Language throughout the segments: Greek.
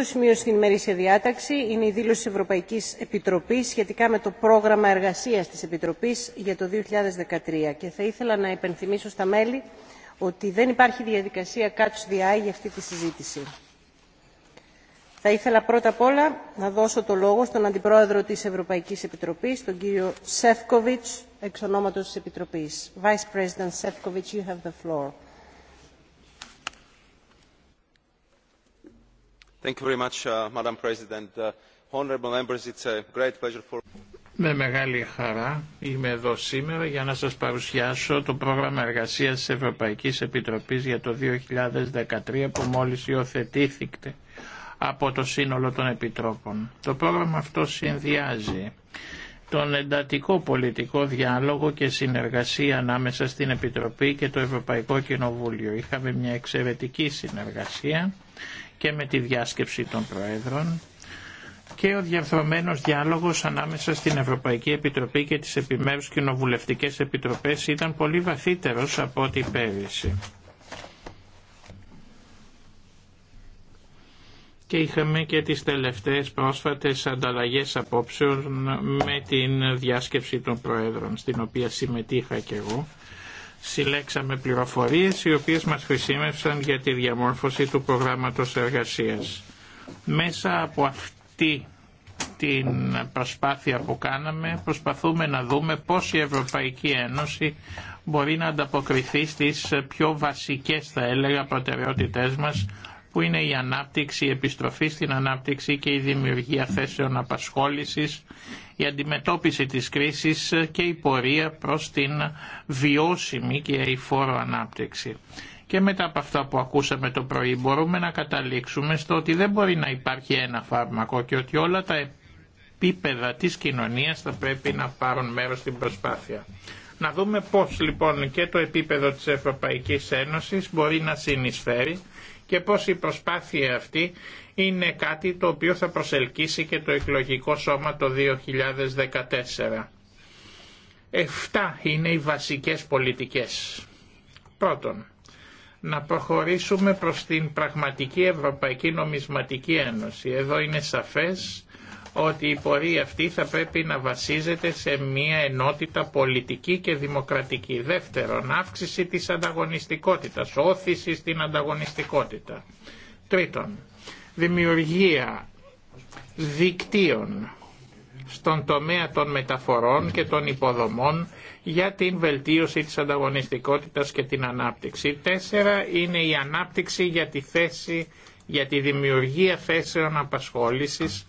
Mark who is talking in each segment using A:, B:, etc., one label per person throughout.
A: Το σημείο στην ημερήσια διάταξη είναι η δήλωση της Ευρωπαϊκής Επιτροπής σχετικά με το πρόγραμμα εργασίας της Επιτροπής για το 2013. Και θα ήθελα να υπενθυμίσω στα μέλη ότι δεν υπάρχει διαδικασία catch the eye για αυτή τη συζήτηση. Θα ήθελα πρώτα απ' όλα να δώσω το λόγο στον Αντιπρόεδρο της Ευρωπαϊκής Επιτροπής, τον κύριο Σεφκοβιτς, εξ ονόματος της Επιτροπής. Vice President Sefcovic, you have the floor.
B: Με μεγάλη χαρά είμαι εδώ σήμερα για να σας παρουσιάσω το πρόγραμμα εργασίας της Ευρωπαϊκής Επιτροπής για το 2013 που μόλις υιοθετήθηκε από το σύνολο των Επιτρόπων. Το πρόγραμμα αυτό συνδυάζει τον εντατικό πολιτικό διάλογο και συνεργασία ανάμεσα στην Επιτροπή και το Ευρωπαϊκό Κοινοβούλιο. Είχαμε μια εξαιρετική συνεργασία και με τη διάσκεψη των Προέδρων και ο διαρθρωμένος διάλογος ανάμεσα στην Ευρωπαϊκή Επιτροπή και τις επιμέρους κοινοβουλευτικές επιτροπές ήταν πολύ βαθύτερος από ό,τι πέρυσι. και είχαμε και τις τελευταίες πρόσφατες ανταλλαγές απόψεων με την διάσκεψη των Προέδρων, στην οποία συμμετείχα και εγώ συλλέξαμε πληροφορίες οι οποίες μας χρησιμεύσαν για τη διαμόρφωση του προγράμματος εργασίας. Μέσα από αυτή την προσπάθεια που κάναμε προσπαθούμε να δούμε πώς η Ευρωπαϊκή Ένωση μπορεί να ανταποκριθεί στις πιο βασικές θα έλεγα προτεραιότητές μας που είναι η ανάπτυξη, η επιστροφή στην ανάπτυξη και η δημιουργία θέσεων απασχόλησης, η αντιμετώπιση της κρίσης και η πορεία προς την βιώσιμη και φόρο ανάπτυξη. Και μετά από αυτά που ακούσαμε το πρωί μπορούμε να καταλήξουμε στο ότι δεν μπορεί να υπάρχει ένα φάρμακο και ότι όλα τα επίπεδα της κοινωνίας θα πρέπει να πάρουν μέρος στην προσπάθεια. Να δούμε πώς λοιπόν και το επίπεδο της Ευρωπαϊκής Ένωσης μπορεί να συνεισφέρει και πως η προσπάθεια αυτή είναι κάτι το οποίο θα προσελκύσει και το εκλογικό σώμα το 2014. Εφτά είναι οι βασικές πολιτικές. Πρώτον, να προχωρήσουμε προς την πραγματική Ευρωπαϊκή Νομισματική Ένωση. Εδώ είναι σαφές ότι η πορεία αυτή θα πρέπει να βασίζεται σε μια ενότητα πολιτική και δημοκρατική. Δεύτερον, αύξηση της ανταγωνιστικότητας, όθηση στην ανταγωνιστικότητα. Τρίτον, δημιουργία δικτύων στον τομέα των μεταφορών και των υποδομών για την βελτίωση της ανταγωνιστικότητας και την ανάπτυξη. Τέσσερα είναι η ανάπτυξη για τη θέση για τη δημιουργία θέσεων απασχόλησης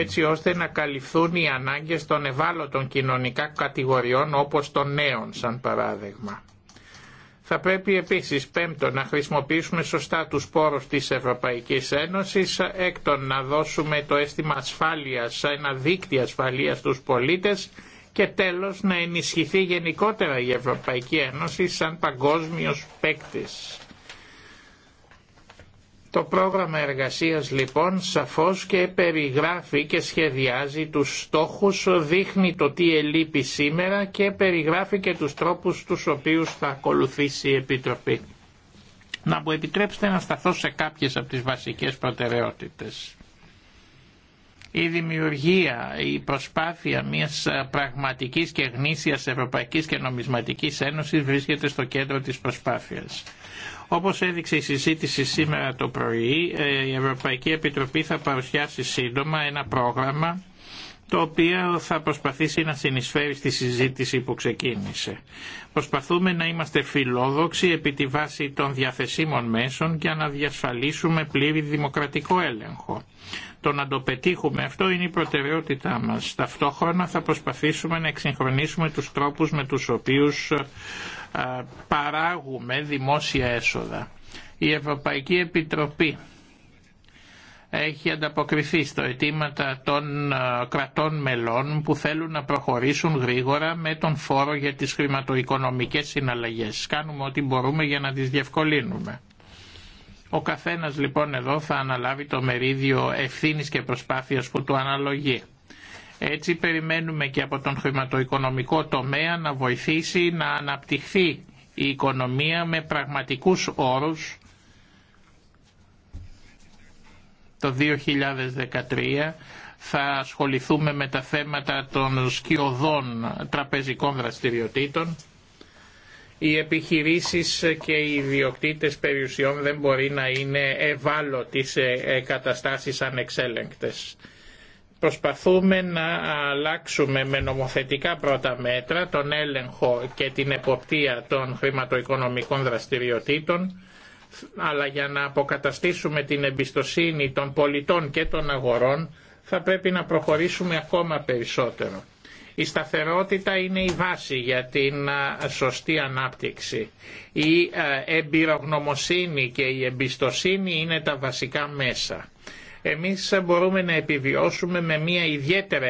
B: έτσι ώστε να καλυφθούν οι ανάγκες των ευάλωτων κοινωνικά κατηγοριών όπως των νέων σαν παράδειγμα. Θα πρέπει επίσης πέμπτο, να χρησιμοποιήσουμε σωστά τους πόρους της Ευρωπαϊκής Ένωσης, έκτον να δώσουμε το αίσθημα ασφάλειας, ένα δίκτυο ασφαλείας στους πολίτες και τέλος να ενισχυθεί γενικότερα η Ευρωπαϊκή Ένωση σαν παγκόσμιος παίκτης. Το πρόγραμμα εργασίας λοιπόν σαφώς και περιγράφει και σχεδιάζει τους στόχους, δείχνει το τι ελείπει σήμερα και περιγράφει και τους τρόπους τους οποίους θα ακολουθήσει η Επιτροπή. Να μου επιτρέψετε να σταθώ σε κάποιες από τις βασικές προτεραιότητες. Η δημιουργία, η προσπάθεια μιας πραγματικής και γνήσιας Ευρωπαϊκής και Νομισματικής Ένωσης βρίσκεται στο κέντρο της προσπάθειας. Όπως έδειξε η συζήτηση σήμερα το πρωί, ε, η Ευρωπαϊκή Επιτροπή θα παρουσιάσει σύντομα ένα πρόγραμμα το οποίο θα προσπαθήσει να συνεισφέρει στη συζήτηση που ξεκίνησε. Προσπαθούμε να είμαστε φιλόδοξοι επί τη βάση των διαθεσίμων μέσων για να διασφαλίσουμε πλήρη δημοκρατικό έλεγχο. Το να το πετύχουμε αυτό είναι η προτεραιότητά μας. Ταυτόχρονα θα προσπαθήσουμε να εξυγχρονίσουμε τους τρόπους με τους οποίους ε, παράγουμε δημόσια έσοδα. Η Ευρωπαϊκή Επιτροπή έχει ανταποκριθεί στο αιτήματα των κρατών μελών που θέλουν να προχωρήσουν γρήγορα με τον φόρο για τις χρηματοοικονομικές συναλλαγές. Κάνουμε ό,τι μπορούμε για να τις διευκολύνουμε. Ο καθένας λοιπόν εδώ θα αναλάβει το μερίδιο ευθύνης και προσπάθειας που του αναλογεί. Έτσι περιμένουμε και από τον χρηματοοικονομικό τομέα να βοηθήσει να αναπτυχθεί η οικονομία με πραγματικούς όρους το 2013 θα ασχοληθούμε με τα θέματα των σκιωδών τραπεζικών δραστηριοτήτων. Οι επιχειρήσεις και οι ιδιοκτήτες περιουσιών δεν μπορεί να είναι ευάλωτοι σε ε, καταστάσεις ανεξέλεγκτες. Προσπαθούμε να αλλάξουμε με νομοθετικά πρώτα μέτρα τον έλεγχο και την εποπτεία των χρηματοοικονομικών δραστηριοτήτων, αλλά για να αποκαταστήσουμε την εμπιστοσύνη των πολιτών και των αγορών θα πρέπει να προχωρήσουμε ακόμα περισσότερο. Η σταθερότητα είναι η βάση για την σωστή ανάπτυξη. Η εμπειρογνωμοσύνη και η εμπιστοσύνη είναι τα βασικά μέσα εμείς μπορούμε να επιβιώσουμε με μια ιδιαίτερα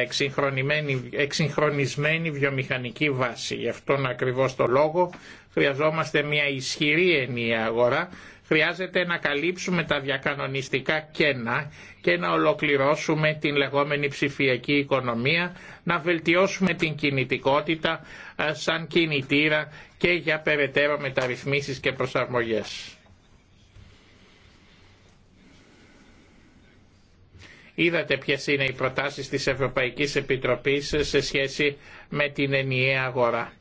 B: εξυγχρονισμένη βιομηχανική βάση. Γι' αυτόν ακριβώς το λόγο χρειαζόμαστε μια ισχυρή ενιαία αγορά, χρειάζεται να καλύψουμε τα διακανονιστικά κένα και να ολοκληρώσουμε την λεγόμενη ψηφιακή οικονομία, να βελτιώσουμε την κινητικότητα ε, σαν κινητήρα και για περαιτέρω μεταρρυθμίσεις και προσαρμογές. Είδατε ποιε είναι οι προτάσει της Ευρωπαϊκή Επιτροπή σε σχέση με την ενιαία αγορά.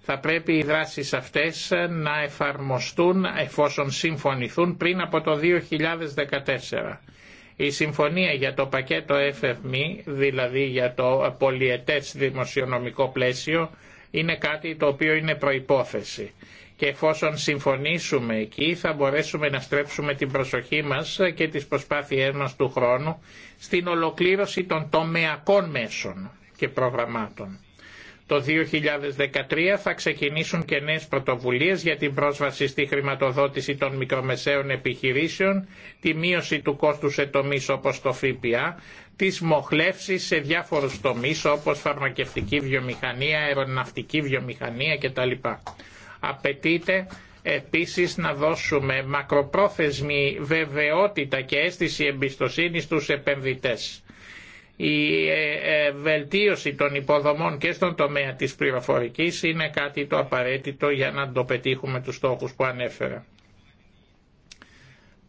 B: Θα πρέπει οι δράσεις αυτές να εφαρμοστούν εφόσον συμφωνηθούν πριν από το 2014. Η συμφωνία για το πακέτο FMI, δηλαδή για το πολιετές δημοσιονομικό πλαίσιο, είναι κάτι το οποίο είναι προϋπόθεση και εφόσον συμφωνήσουμε εκεί θα μπορέσουμε να στρέψουμε την προσοχή μας και τις προσπάθειές μας του χρόνου στην ολοκλήρωση των τομεακών μέσων και προγραμμάτων. Το 2013 θα ξεκινήσουν και νέες πρωτοβουλίες για την πρόσβαση στη χρηματοδότηση των μικρομεσαίων επιχειρήσεων, τη μείωση του κόστου σε τομείς όπως το ΦΠΑ, τις μοχλεύσεις σε διάφορους τομείς όπως φαρμακευτική βιομηχανία, αεροναυτική βιομηχανία κτλ. Απαιτείται επίσης να δώσουμε μακροπρόθεσμη βεβαιότητα και αίσθηση εμπιστοσύνη στους επενδυτές. Η ε, ε, βελτίωση των υποδομών και στον τομέα της πληροφορικής είναι κάτι το απαραίτητο για να το πετύχουμε τους στόχους που ανέφερα.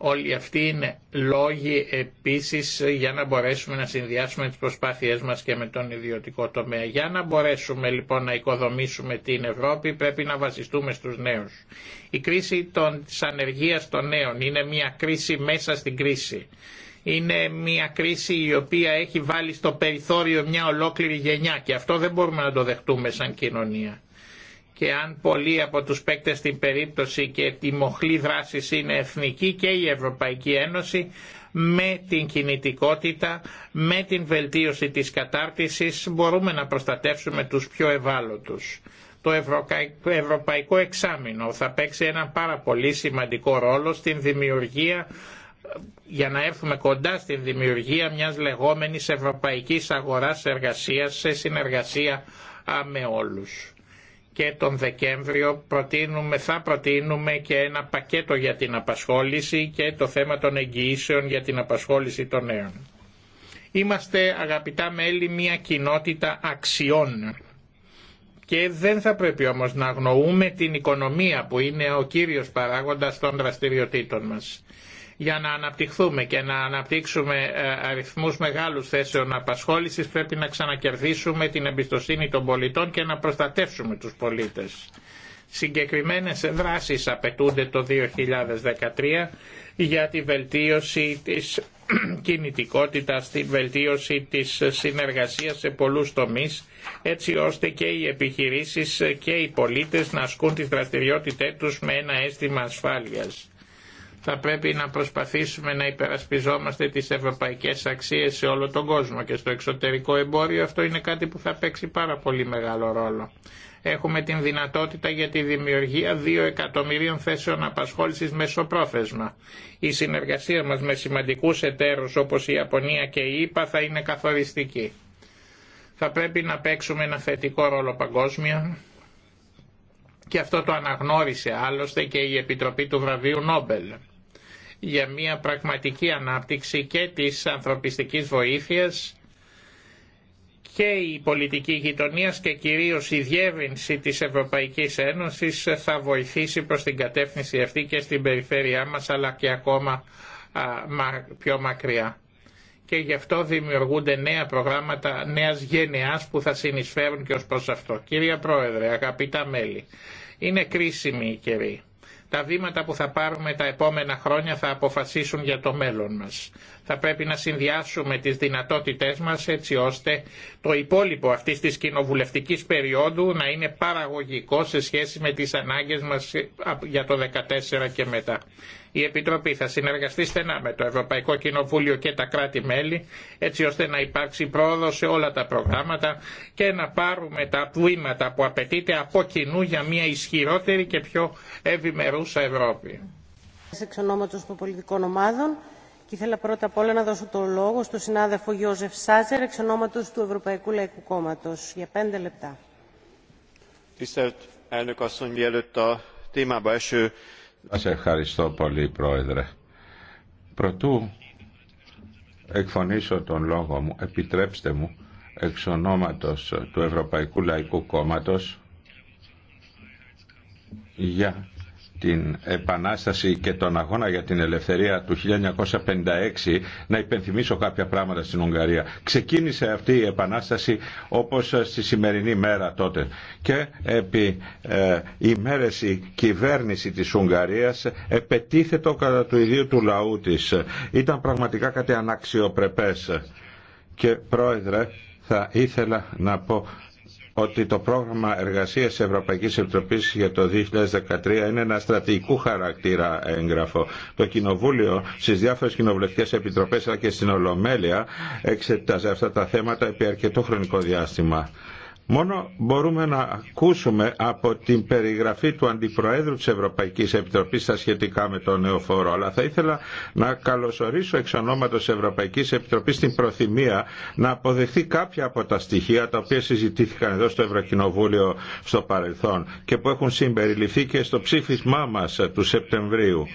B: Όλοι αυτοί είναι λόγοι επίσης για να μπορέσουμε να συνδυάσουμε τις προσπάθειές μας και με τον ιδιωτικό τομέα. Για να μπορέσουμε λοιπόν να οικοδομήσουμε την Ευρώπη πρέπει να βασιστούμε στους νέους. Η κρίση των, της ανεργίας των νέων είναι μια κρίση μέσα στην κρίση. Είναι μια κρίση η οποία έχει βάλει στο περιθώριο μια ολόκληρη γενιά και αυτό δεν μπορούμε να το δεχτούμε σαν κοινωνία και αν πολλοί από τους παίκτες στην περίπτωση και τη μοχλή δράση είναι εθνική και η Ευρωπαϊκή Ένωση με την κινητικότητα, με την βελτίωση της κατάρτισης μπορούμε να προστατεύσουμε τους πιο ευάλωτους. Το Ευρωπαϊκό Εξάμεινο θα παίξει ένα πάρα πολύ σημαντικό ρόλο στην δημιουργία για να έρθουμε κοντά στην δημιουργία μιας λεγόμενης ευρωπαϊκής αγοράς εργασίας σε συνεργασία με όλους και τον Δεκέμβριο προτείνουμε, θα προτείνουμε και ένα πακέτο για την απασχόληση και το θέμα των εγγυήσεων για την απασχόληση των νέων. Είμαστε αγαπητά μέλη μια κοινότητα αξιών και δεν θα πρέπει όμως να αγνοούμε την οικονομία που είναι ο κύριος παράγοντας των δραστηριοτήτων μας. Για να αναπτυχθούμε και να αναπτύξουμε ε, αριθμούς μεγάλους θέσεων απασχόλησης πρέπει να ξανακερδίσουμε την εμπιστοσύνη των πολιτών και να προστατεύσουμε τους πολίτες. Συγκεκριμένες δράσεις απαιτούνται το 2013 για τη βελτίωση της κινητικότητας, τη βελτίωση της συνεργασίας σε πολλούς τομείς, έτσι ώστε και οι επιχειρήσεις και οι πολίτες να ασκούν τη δραστηριότητέ τους με ένα αίσθημα ασφάλειας θα πρέπει να προσπαθήσουμε να υπερασπιζόμαστε τις ευρωπαϊκές αξίες σε όλο τον κόσμο και στο εξωτερικό εμπόριο αυτό είναι κάτι που θα παίξει πάρα πολύ μεγάλο ρόλο. Έχουμε την δυνατότητα για τη δημιουργία 2 εκατομμυρίων θέσεων απασχόλησης μεσοπρόθεσμα. Η συνεργασία μας με σημαντικούς εταίρους όπως η Ιαπωνία και η ΙΠΑ θα είναι καθοριστική. Θα πρέπει να παίξουμε ένα θετικό ρόλο παγκόσμια και αυτό το αναγνώρισε άλλωστε και η Επιτροπή του Βραβείου Νόμπελ για μια πραγματική ανάπτυξη και της ανθρωπιστικής βοήθειας και η πολιτική γειτονία και κυρίως η διεύρυνση της Ευρωπαϊκής Ένωσης θα βοηθήσει προς την κατεύθυνση αυτή και στην περιφέρειά μας αλλά και ακόμα πιο μακριά. Και γι' αυτό δημιουργούνται νέα προγράμματα νέας γενεάς που θα συνεισφέρουν και ως προς αυτό. Κύριε Πρόεδρε, αγαπητά μέλη, είναι κρίσιμη η καιρή. Τα βήματα που θα πάρουμε τα επόμενα χρόνια θα αποφασίσουν για το μέλλον μας. Θα πρέπει να συνδυάσουμε τις δυνατότητές μας έτσι ώστε το υπόλοιπο αυτής της κοινοβουλευτικής περίοδου να είναι παραγωγικό σε σχέση με τις ανάγκες μας για το 2014 και μετά. Η Επιτροπή θα συνεργαστεί στενά με το Ευρωπαϊκό Κοινοβούλιο και τα κράτη-μέλη έτσι ώστε να υπάρξει πρόοδο σε όλα τα προγράμματα και να πάρουμε τα βήματα που απαιτείται από κοινού για μια ισχυρότερη και πιο ευημερούσα Ευρώπη
A: ήθελα πρώτα απ' όλα να δώσω το λόγο στον συνάδελφο Γιώζεφ Σάζερ, εξ ονόματος του Ευρωπαϊκού Λαϊκού Κόμματος, για πέντε λεπτά.
C: Σας ευχαριστώ πολύ, Πρόεδρε. Πρωτού εκφωνήσω τον λόγο μου, επιτρέψτε μου, εξ ονόματος του Ευρωπαϊκού Λαϊκού Κόμματος, για την Επανάσταση και τον αγώνα για την ελευθερία του 1956 να υπενθυμίσω κάποια πράγματα στην Ουγγαρία. Ξεκίνησε αυτή η Επανάσταση όπως στη σημερινή μέρα τότε και επί ε, ημέρες η κυβέρνηση της Ουγγαρίας επετίθετο κατά του ιδίου του λαού της. Ήταν πραγματικά κάτι αναξιοπρεπές και πρόεδρε θα ήθελα να πω ότι το πρόγραμμα εργασίας Ευρωπαϊκής Επιτροπής για το 2013 είναι ένα στρατηγικού χαρακτήρα έγγραφο. Το Κοινοβούλιο στις διάφορες κοινοβουλευτικές επιτροπές αλλά και στην Ολομέλεια εξετάζει αυτά τα θέματα επί αρκετό χρονικό διάστημα. Μόνο μπορούμε να ακούσουμε από την περιγραφή του Αντιπροέδρου της Ευρωπαϊκής Επιτροπής στα σχετικά με το νέο φόρο. Αλλά θα ήθελα να καλωσορίσω εξ ονόματος Ευρωπαϊκής Επιτροπής την προθυμία να αποδεχθεί κάποια από τα στοιχεία τα οποία συζητήθηκαν εδώ στο Ευρωκοινοβούλιο στο παρελθόν και που έχουν συμπεριληφθεί και στο ψήφισμά μας του Σεπτεμβρίου.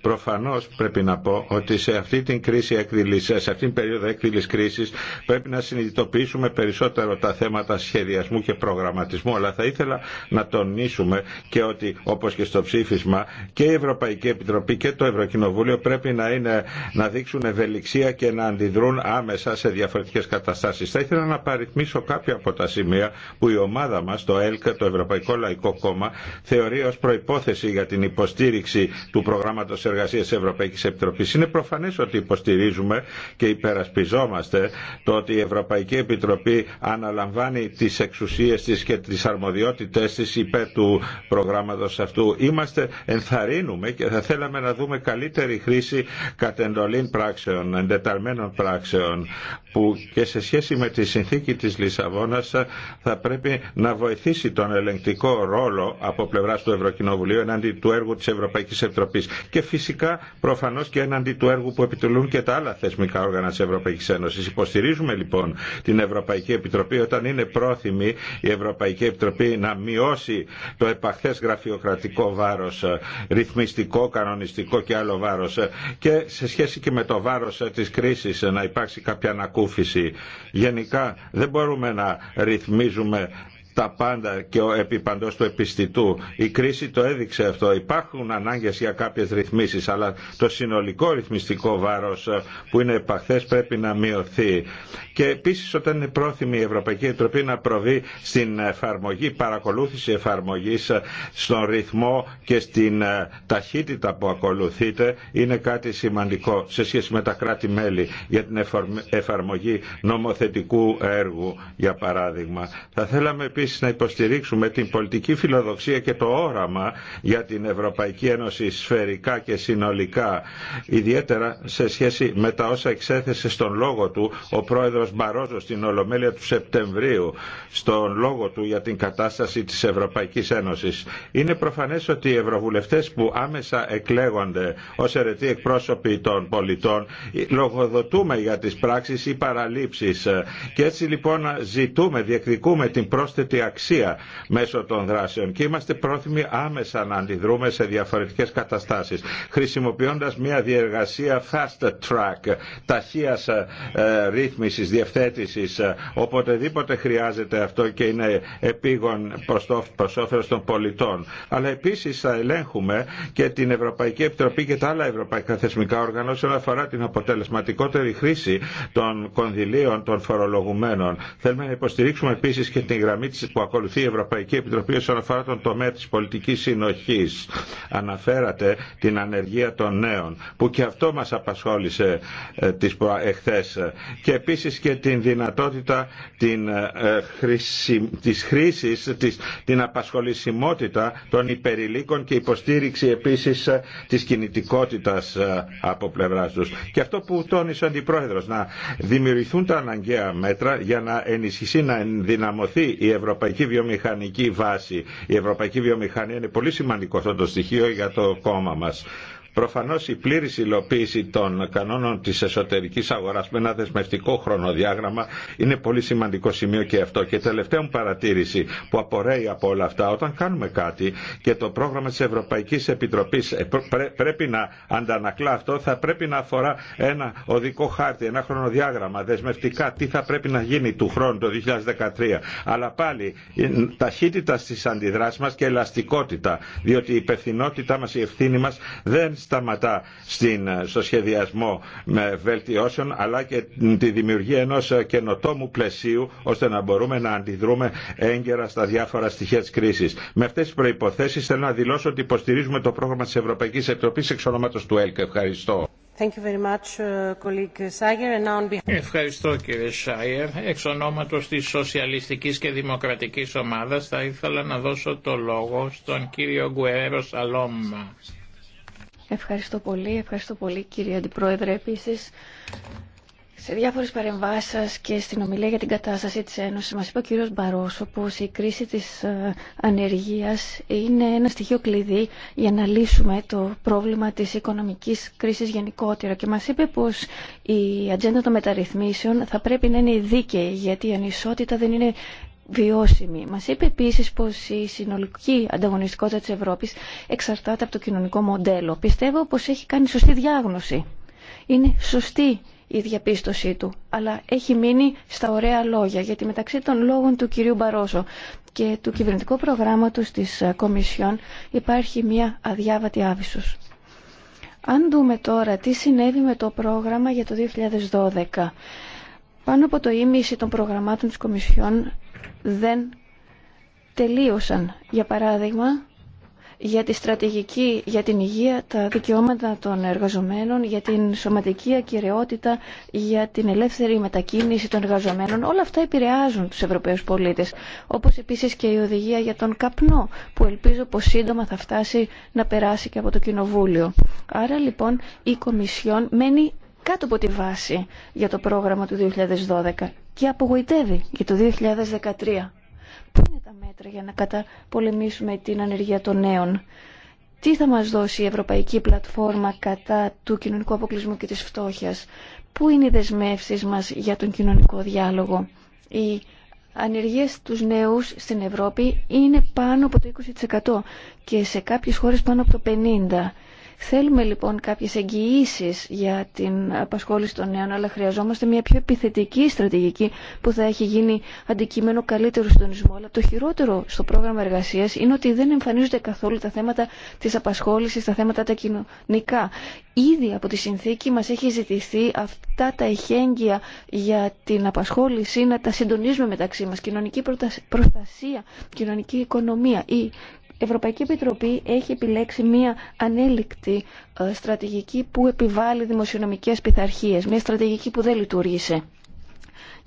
C: Προφανώς πρέπει να πω ότι σε αυτή την κρίση σε αυτήν την περίοδο έκδηλης κρίσης πρέπει να συνειδητοποιήσουμε περισσότερο τα θέματα σχεδιασμού και προγραμματισμού αλλά θα ήθελα να τονίσουμε και ότι όπως και στο ψήφισμα και η Ευρωπαϊκή Επιτροπή και το Ευρωκοινοβούλιο πρέπει να, είναι, να δείξουν ευελιξία και να αντιδρούν άμεσα σε διαφορετικές καταστάσεις. Θα ήθελα να παριθμίσω κάποια από τα σημεία που η ομάδα μας, το ΕΛΚ, το Ευρωπαϊκό Λαϊκό Κόμμα, θεωρεί ως προϋπόθεση για την υποστήριξη του προγράμματος Ευρωπαϊκής Επιτροπής. Είναι προφανές ότι υποστηρίζουμε και υπερασπιζόμαστε το ότι η Ευρωπαϊκή Επιτροπή αναλαμβάνει τις εξουσίες της και τι αρμοδιότητες της υπέρ του προγράμματος αυτού. Είμαστε, ενθαρρύνουμε και θα θέλαμε να δούμε καλύτερη χρήση εντολήν πράξεων, εντεταλμένων πράξεων που και σε σχέση με τη συνθήκη της Λισαβόνας θα πρέπει να βοηθήσει τον ελεγκτικό ρόλο από πλευράς του Ευρωκοινοβουλίου εναντί του έργου της Ευρωπαϊκής Επιτροπής και φυσικά προφανώς και εναντί του έργου που επιτελούν και τα άλλα θεσμικά όργανα της Ευρωπαϊκής Ένωσης. Υποστηρίζουμε λοιπόν την Ευρωπαϊκή Επιτροπή όταν είναι πρόθυμη η Ευρωπαϊκή Επιτροπή να μειώσει το επαχθές γραφειοκρατικό βάρος, ρυθμιστικό, κανονιστικό και άλλο βάρος και σε σχέση και με το βάρος της κρίσης να υπάρξει κάποια ανακούφιση Γενικά δεν μπορούμε να ρυθμίζουμε τα πάντα και ο επιπαντός του επιστητού. Η κρίση το έδειξε αυτό. Υπάρχουν ανάγκες για κάποιες ρυθμίσεις, αλλά το συνολικό ρυθμιστικό βάρος ε, που είναι επαχθές πρέπει να μειωθεί. Και επίσης όταν είναι πρόθυμη η Ευρωπαϊκή Επιτροπή να προβεί στην εφαρμογή, παρακολούθηση εφαρμογής ε, στον ρυθμό και στην ε, ταχύτητα που ακολουθείται, είναι κάτι σημαντικό σε σχέση με τα κράτη-μέλη για την εφαρμογή νομοθετικού έργου, για παράδειγμα. Θα θέλαμε να υποστηρίξουμε την πολιτική φιλοδοξία και το όραμα για την Ευρωπαϊκή Ένωση σφαιρικά και συνολικά, ιδιαίτερα σε σχέση με τα όσα εξέθεσε στον λόγο του ο πρόεδρος Μπαρόζο στην Ολομέλεια του Σεπτεμβρίου, στον λόγο του για την κατάσταση της Ευρωπαϊκής Ένωσης. Είναι προφανές ότι οι ευρωβουλευτές που άμεσα εκλέγονται ως αιρετοί εκπρόσωποι των πολιτών λογοδοτούμε για τις πράξεις ή παραλήψεις και έτσι λοιπόν ζητούμε, διεκδικούμε την πρόσθετη τη αξία μέσω των δράσεων και είμαστε πρόθυμοι άμεσα να αντιδρούμε σε διαφορετικές καταστάσεις χρησιμοποιώντας μια διεργασία fast track ταχεία ε, ρύθμισης, διευθέτησης ε, οποτεδήποτε χρειάζεται αυτό και είναι επίγον προς, το, προς όφελος των πολιτών αλλά επίσης θα ελέγχουμε και την Ευρωπαϊκή Επιτροπή και τα άλλα ευρωπαϊκά θεσμικά όργανα όσον αφορά την αποτελεσματικότερη χρήση των κονδυλίων των φορολογουμένων. Θέλουμε να υποστηρίξουμε επίσης και την γραμμή τη που ακολουθεί η Ευρωπαϊκή Επιτροπή όσον αφορά τον τομέα της πολιτικής συνοχής. Αναφέρατε την ανεργία των νέων που και αυτό μας απασχόλησε ε, τις εχθές και επίσης και την δυνατότητα την, ε, χρήση, της χρήσης, της, την απασχολησιμότητα των υπερηλίκων και υποστήριξη επίσης ε, της κινητικότητας από πλευράς τους. Και αυτό που τόνισε ο Αντιπρόεδρος, να δημιουργηθούν τα αναγκαία μέτρα για να ενισχυθεί, να ενδυναμωθεί η Ευρωπαϊκή ευρωπαϊκή βιομηχανική βάση. Η ευρωπαϊκή βιομηχανία είναι πολύ σημαντικό αυτό το στοιχείο για το κόμμα μας. Προφανώς η πλήρη υλοποίηση των κανόνων της εσωτερικής αγοράς με ένα δεσμευτικό χρονοδιάγραμμα είναι πολύ σημαντικό σημείο και αυτό. Και τελευταία μου παρατήρηση που απορρέει από όλα αυτά, όταν κάνουμε κάτι και το πρόγραμμα της Ευρωπαϊκής Επιτροπής ε, πρέπει να αντανακλά αυτό, θα πρέπει να αφορά ένα οδικό χάρτη, ένα χρονοδιάγραμμα δεσμευτικά, τι θα πρέπει να γίνει του χρόνου το 2013. Αλλά πάλι ε, ταχύτητα στις αντιδράσεις μας και ελαστικότητα, διότι η υπευθυνότητά μας, η ευθύνη μας δεν σταματά στην, ε, στο σχεδιασμό με βελτιώσεων αλλά και τη δημιουργία ενός ε, καινοτόμου πλαισίου ώστε να μπορούμε να αντιδρούμε έγκαιρα στα διάφορα στοιχεία της κρίσης. Με αυτές τις προϋποθέσεις θέλω να δηλώσω ότι υποστηρίζουμε το πρόγραμμα της Ευρωπαϊκής Επιτροπής εξ ονόματος του ΕΛΚ. Ευχαριστώ.
A: Thank you very much, uh, And
B: Ευχαριστώ κύριε Σάιερ. Εξ ονόματος της Σοσιαλιστικής και Δημοκρατικής Ομάδας θα ήθελα να δώσω το λόγο στον κύριο Γκουερέρο
D: Ευχαριστώ πολύ. Ευχαριστώ πολύ κύριε Αντιπρόεδρε. Επίσης, σε διάφορε παρεμβάσει σα και στην ομιλία για την κατάσταση τη Ένωση, μα είπε ο κύριο Μπαρόσο πω η κρίση τη ε, ανεργία είναι ένα στοιχείο κλειδί για να λύσουμε το πρόβλημα τη οικονομική κρίση γενικότερα. Και μα είπε πω η ατζέντα των μεταρρυθμίσεων θα πρέπει να είναι δίκαιη, γιατί η ανισότητα δεν είναι βιώσιμη. Μας είπε επίσης πως η συνολική ανταγωνιστικότητα της Ευρώπης εξαρτάται από το κοινωνικό μοντέλο. Πιστεύω πως έχει κάνει σωστή διάγνωση. Είναι σωστή η διαπίστωσή του, αλλά έχει μείνει στα ωραία λόγια, γιατί μεταξύ των λόγων του κυρίου Μπαρόσο και του κυβερνητικού προγράμματος της Κομισιόν υπάρχει μια αδιάβατη άβυσος. Αν δούμε τώρα τι συνέβη με το πρόγραμμα για το 2012, πάνω από το ίμιση των προγραμμάτων της Κομισιόν δεν τελείωσαν. Για παράδειγμα, για τη στρατηγική για την υγεία, τα δικαιώματα των εργαζομένων, για την σωματική ακυρεότητα, για την ελεύθερη μετακίνηση των εργαζομένων. Όλα αυτά επηρεάζουν τους Ευρωπαίους πολίτες. Όπως επίσης και η οδηγία για τον καπνό, που ελπίζω πως σύντομα θα φτάσει να περάσει και από το Κοινοβούλιο. Άρα λοιπόν η Κομισιόν μένει κάτω από τη βάση για το πρόγραμμα του 2012 και απογοητεύει για το 2013. Πού είναι τα μέτρα για να καταπολεμήσουμε την ανεργία των νέων. Τι θα μας δώσει η Ευρωπαϊκή Πλατφόρμα κατά του κοινωνικού αποκλεισμού και της φτώχειας. Πού είναι οι δεσμεύσεις μας για τον κοινωνικό διάλογο. Οι ανεργίες στους νέους στην Ευρώπη είναι πάνω από το 20% και σε κάποιες χώρες πάνω από το 50%. Θέλουμε λοιπόν κάποιες εγγυήσει για την απασχόληση των νέων, αλλά χρειαζόμαστε μια πιο επιθετική στρατηγική που θα έχει γίνει αντικείμενο καλύτερου συντονισμού. Αλλά το χειρότερο στο πρόγραμμα εργασία είναι ότι δεν εμφανίζονται καθόλου τα θέματα τη απασχόληση, τα θέματα τα κοινωνικά. Ήδη από τη συνθήκη μα έχει ζητηθεί αυτά τα εχέγγυα για την απασχόληση να τα συντονίζουμε μεταξύ μα. Κοινωνική προστασία, κοινωνική οικονομία ή Ευρωπαϊκή Επιτροπή έχει επιλέξει μία ανέλικτη ε, στρατηγική που επιβάλλει δημοσιονομικές πειθαρχίες, μία στρατηγική που δεν λειτουργήσε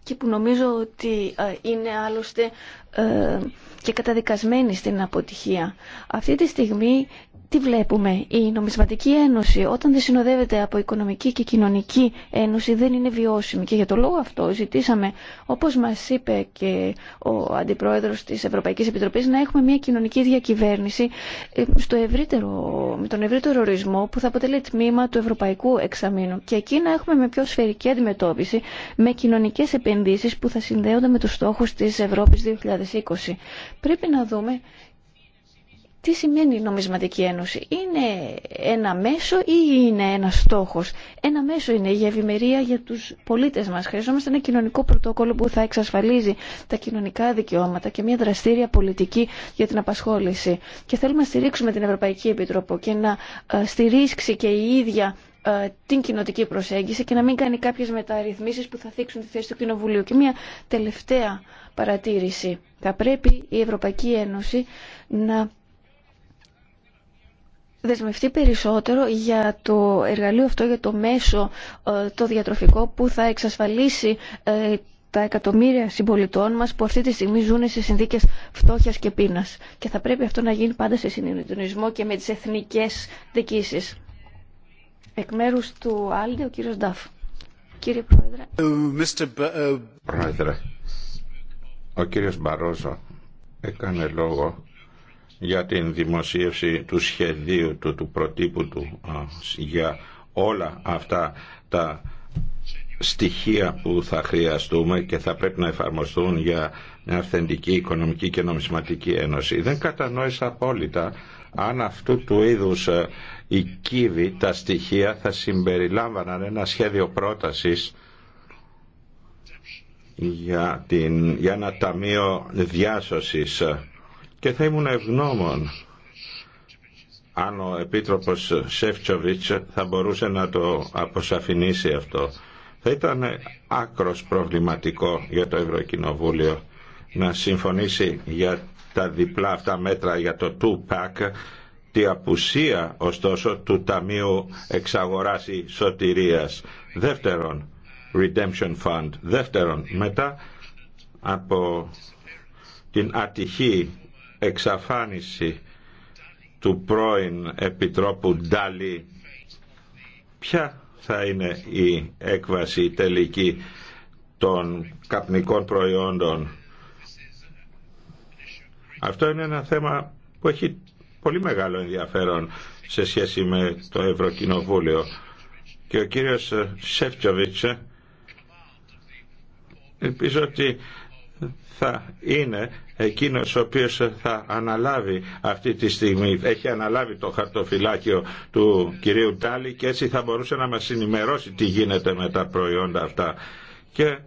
D: και που νομίζω ότι ε, είναι άλλωστε ε, και καταδικασμένη στην αποτυχία. Αυτή τη στιγμή τι βλέπουμε. Η νομισματική ένωση όταν δεν συνοδεύεται από οικονομική και κοινωνική ένωση δεν είναι βιώσιμη. Και για το λόγο αυτό ζητήσαμε, όπως μας είπε και ο Αντιπρόεδρος της Ευρωπαϊκής Επιτροπής, να έχουμε μια κοινωνική διακυβέρνηση ε, στο ευρύτερο, με τον ευρύτερο ορισμό που θα αποτελεί τμήμα του Ευρωπαϊκού Εξαμήνου. Και εκεί να έχουμε με πιο σφαιρική αντιμετώπιση, με κοινωνικές επενδύσεις που θα συνδέονται με τους στόχους της Ευρώπης 2020. Πρέπει να δούμε τι σημαίνει η νομισματική ένωση. Είναι ένα μέσο ή είναι ένα στόχος. Ένα μέσο είναι η ευημερία για τους πολίτες μας. Χρειαζόμαστε ένα κοινωνικό πρωτόκολλο που θα εξασφαλίζει τα κοινωνικά δικαιώματα και μια δραστήρια πολιτική για την απασχόληση. Και θέλουμε να στηρίξουμε την Ευρωπαϊκή Επιτροπή και να ε, στηρίξει και η ίδια ε, την κοινοτική προσέγγιση και να μην κάνει κάποιες μεταρρυθμίσεις που θα θίξουν τη θέση του Κοινοβουλίου. Και μια τελευταία παρατήρηση. Θα πρέπει η Ευρωπαϊκή Ένωση να δεσμευτεί περισσότερο για το εργαλείο αυτό, για το μέσο ε, το διατροφικό που θα εξασφαλίσει ε, τα εκατομμύρια συμπολιτών μας που αυτή τη στιγμή ζουν σε συνδίκες φτώχειας και πείνας. Και θα πρέπει αυτό να γίνει πάντα σε συνειδητονισμό και με τις εθνικές δικήσεις. Εκ μέρους του Άλντε, ο κύριος Νταφ. Κύριε Πρόεδρε.
C: Ε, Πρόεδρε, ο κύριος Μπαρόζο έκανε λόγο για την δημοσίευση του σχεδίου του, του προτύπου του για όλα αυτά τα στοιχεία που θα χρειαστούμε και θα πρέπει να εφαρμοστούν για μια αυθεντική οικονομική και νομισματική ένωση. Δεν κατανόησα απόλυτα αν αυτού του είδους ε, οι κύβοι, τα στοιχεία θα συμπεριλάμβαναν ένα σχέδιο πρότασης για, την, για ένα ταμείο διάσωσης ε, και θα ήμουν ευγνώμων αν ο Επίτροπος Σεφτσοβιτς θα μπορούσε να το αποσαφηνίσει αυτό. Θα ήταν άκρος προβληματικό για το Ευρωκοινοβούλιο να συμφωνήσει για τα διπλά αυτά μέτρα για το 2-pack τη απουσία ωστόσο του Ταμείου Εξαγοράς Σωτηρίας. Δεύτερον, Redemption Fund. Δεύτερον, μετά από την ατυχή εξαφάνιση του πρώην Επιτρόπου Ντάλι ποια θα είναι η έκβαση τελική των καπνικών προϊόντων. Αυτό είναι ένα θέμα που έχει πολύ μεγάλο ενδιαφέρον σε σχέση με το Ευρωκοινοβούλιο και ο κύριος Σεφτσοβίτσε ελπίζω ότι θα είναι εκείνος ο οποίος θα αναλάβει αυτή τη στιγμή, έχει αναλάβει το χαρτοφυλάκιο του κυρίου Τάλι και έτσι θα μπορούσε να μας ενημερώσει τι γίνεται με τα προϊόντα αυτά. Και